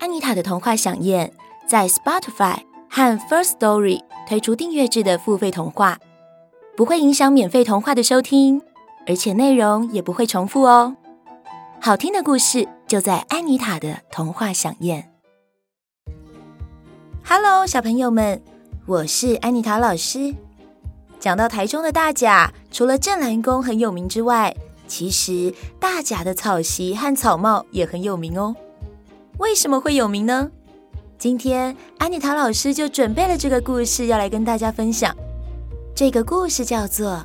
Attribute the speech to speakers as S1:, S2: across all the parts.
S1: 安妮塔的童話饗宴在 Spotify 和 First Story 推出訂閱制的付費童話，不會影響免費童話的收聽，而且內容也不會重複哦。好聽的故事就在安妮塔的童話饗宴。Hello，小朋友們，我是安妮塔老師。講到台中的大甲，除了鎮瀾宮很有名之外，其實大甲的草席和草帽也很有名哦。為什麼會有名呢？今天安妮塔老師就準備了這個故事，要來跟大家分享。這個故事叫做《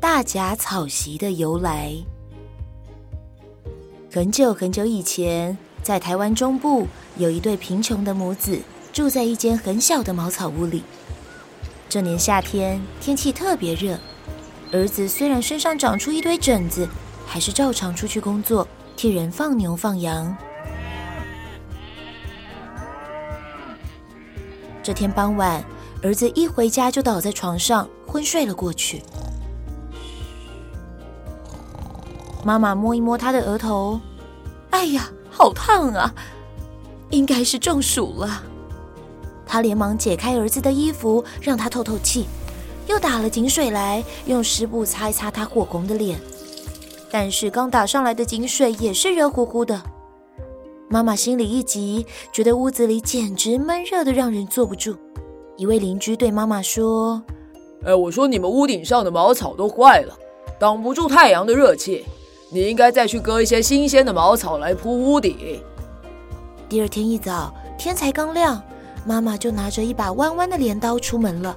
S1: 大甲草蓆的由來》。很久很久以前，在台灣中部有一對貧窮的母子，住在一間很小的茅草屋裡。這年夏天天氣特別熱，兒子雖然身上長出一堆疹子，還是照常出去工作，替人放牛放羊。這天傍晚，兒子一回家就倒在床上昏睡了過去。媽媽摸一摸他的額頭，哎呀，好燙啊！應該是中暑了。她連忙解開兒子的衣服，讓他透透氣，又打了井水來，用濕布擦一擦他火紅的臉。但是剛打上來的井水也是熱乎乎的。媽媽心裡一急，覺得屋子裡簡直悶熱的讓人坐不住。一位鄰居對媽媽說：“哎，我說你們屋頂上的茅草都壞了，擋不住太陽的熱氣，你應該再去割一些新鮮的茅草來鋪屋頂。”第二天一早，天才剛亮，媽媽就拿着一把彎彎的鐮刀出門了。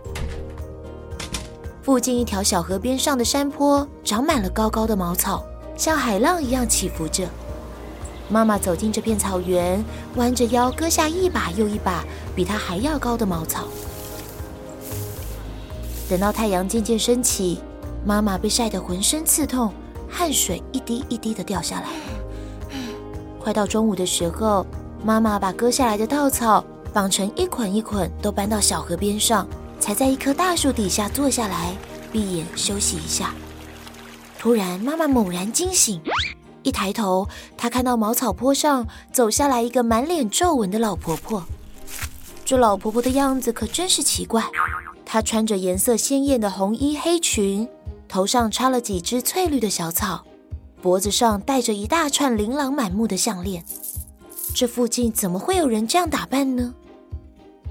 S1: 附近一條小河邊上的山坡長滿了高高的茅草，像海浪一樣起伏着。媽媽走進這片草原，彎着腰割下一把又一把比它還要高的茅草。等到太陽漸漸升起，媽媽被曬得渾身刺痛，汗水一滴一滴地掉下來。嗯、快到中午的時候，媽媽把割下來的稻草綁成一捆一捆，都搬到小河邊上，才在一棵大樹底下坐下來，閉眼休息一下。突然，媽媽猛然驚醒。一抬頭，他看到茅草坡上走下來一個滿臉皺紋的老婆婆。這老婆婆的樣子可真是奇怪。她穿着顏色鮮豔的紅衣黑裙，頭上插了幾隻翠綠的小草，脖子上戴着一大串琳琅滿目的項鏈。這附近怎麼會有人這樣打扮呢？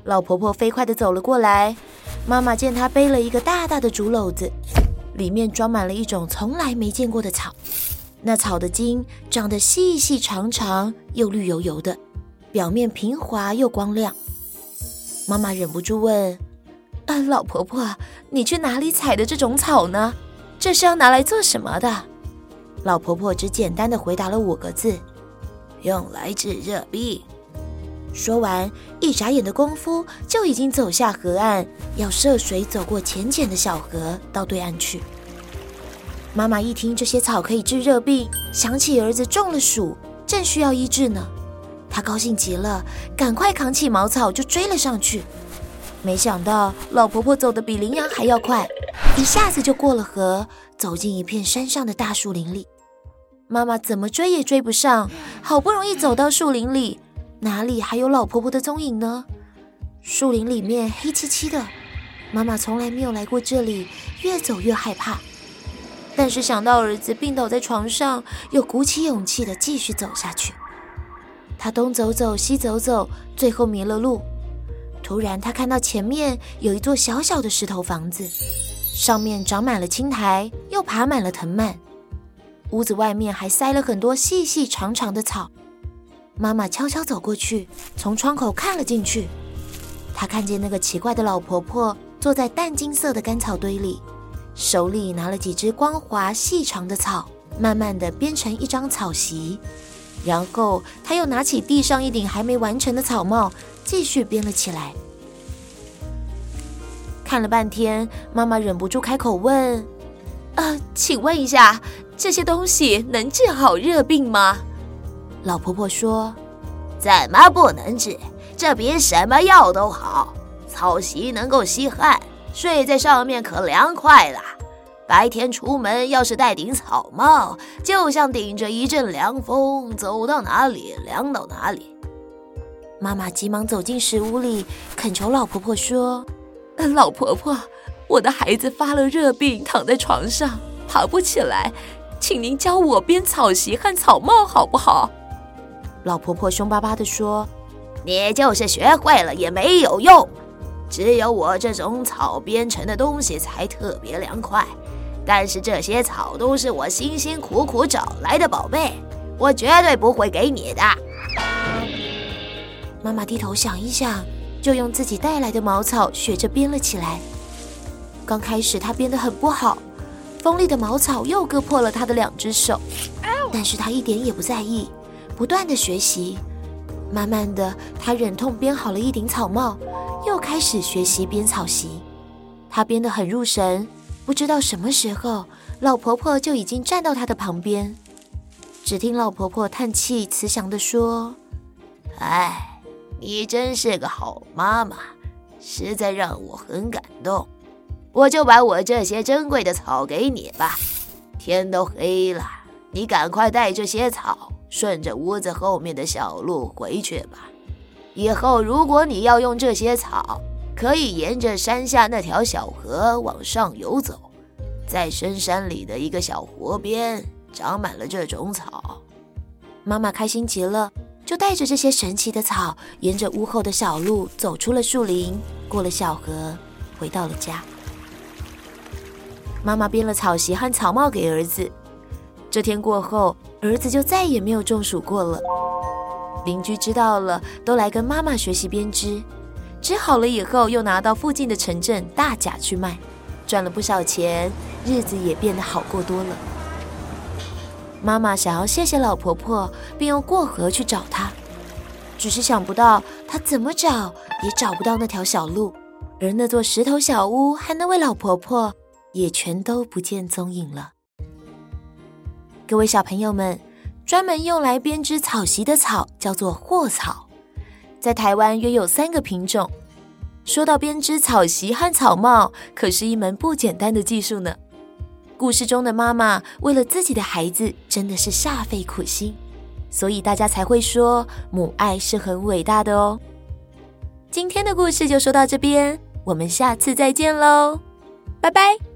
S1: 老婆婆飛快地走了過來。媽媽見她背了一個大大的竹簍子，裡面裝滿了一種從來沒見過的草。那草的莖長得細細長長，又綠油油的，表面平滑又光亮。媽媽忍不住問：“啊，老婆婆，你去哪裡採的這種草呢？這是要拿來做什麼的？”老婆婆只簡單的回答了五個字：“用來治熱病。”說完，一眨眼的功夫就已經走下河岸，要涉水走過淺淺的小河，到對岸去。媽媽一聽這些草可以治熱病，想起兒子中了暑，正需要醫治呢，她高興極了，趕快扛起茅草就追了上去。沒想到老婆婆走得比羚羊還要快，一下子就過了河，走進一片山上的大樹林裡。媽媽怎麼追也追不上，好不容易走到樹林裡，哪裡還有老婆婆的蹤影呢？樹林裡面黑漆漆的，媽媽從來沒有來過這裡，越走越害怕。但是想到兒子病倒在床上，又鼓起勇氣的繼續走下去。他東走走，西走走，最後迷了路。突然，他看到前面有一座小小的石頭房子，上面長滿了青苔，又爬滿了藤蔓。屋子外面還塞了很多細細長長的草。媽媽悄悄走過去，從窗口看了進去。她看見那個奇怪的老婆婆坐在淡金色的乾草堆裡。手裡拿了幾只光滑細長的草，慢慢的編成一張草席，然後他又拿起地上一頂還沒完成的草帽，繼續編了起來。看了半天，媽媽忍不住開口問：“啊、呃，請問一下，這些東西能治好熱病嗎？”老婆婆說：“怎麼不能治？這比什麼藥都好，草席能夠吸汗。”睡在上面可涼快了，白天出門要是戴頂草帽，就像頂着一陣涼風，走到哪裡涼到哪裡。媽媽急忙走進石屋裡，懇求老婆婆說：“嗯，老婆婆，我的孩子發了熱病，躺在床上爬不起來，請您教我編草席和草帽好不好？”老婆婆凶巴巴地說：“你就是學會了也沒有用。”只有我這種草編成的東西才特別涼快，但是這些草都是我辛辛苦苦找來的寶貝，我絕對不會給你的。媽媽低頭想一想，就用自己帶來的茅草學着編了起來。剛開始她編得很不好，鋒利的茅草又割破了她的兩隻手，但是她一點也不在意，不斷的學習，慢慢的她忍痛編好了一頂草帽。又開始學習編草蓆，他編得很入神，不知道什麼時候，老婆婆就已經站到她的旁邊。只聽老婆婆嘆氣，慈祥地說：“哎，你真是個好媽媽，實在讓我很感動。我就把我這些珍貴的草給你吧。天都黑了，你趕快帶這些草，順着屋子後面的小路回去吧。”以後，如果你要用這些草，可以沿着山下那條小河往上游走，在深山裡的一個小湖邊長滿了這種草。媽媽開心極了，就帶着這些神奇的草，沿着屋後的小路走出了樹林，過了小河，回到了家。媽媽編了草席和草帽給兒子。這天過後，兒子就再也沒有中暑過了。鄰居知道了，都來跟媽媽學習編織。織好了以後，又拿到附近的城鎮大甲去賣，賺了不少錢，日子也變得好過多了。媽媽想要謝謝老婆婆，便要過河去找她。只是想不到，她怎麼找也找不到那條小路，而那座石頭小屋，還那位老婆婆，也全都不見蹤影了。各位小朋友們。專門用來編織草席的草叫做霍草，在台灣約有三個品種。說到編織草席和草帽，可是一門不簡單的技術呢。故事中的媽媽為了自己的孩子，真的是煞費苦心，所以大家才會說母愛是很偉大的哦。今天的故事就說到這邊，我們下次再見嘍，拜拜。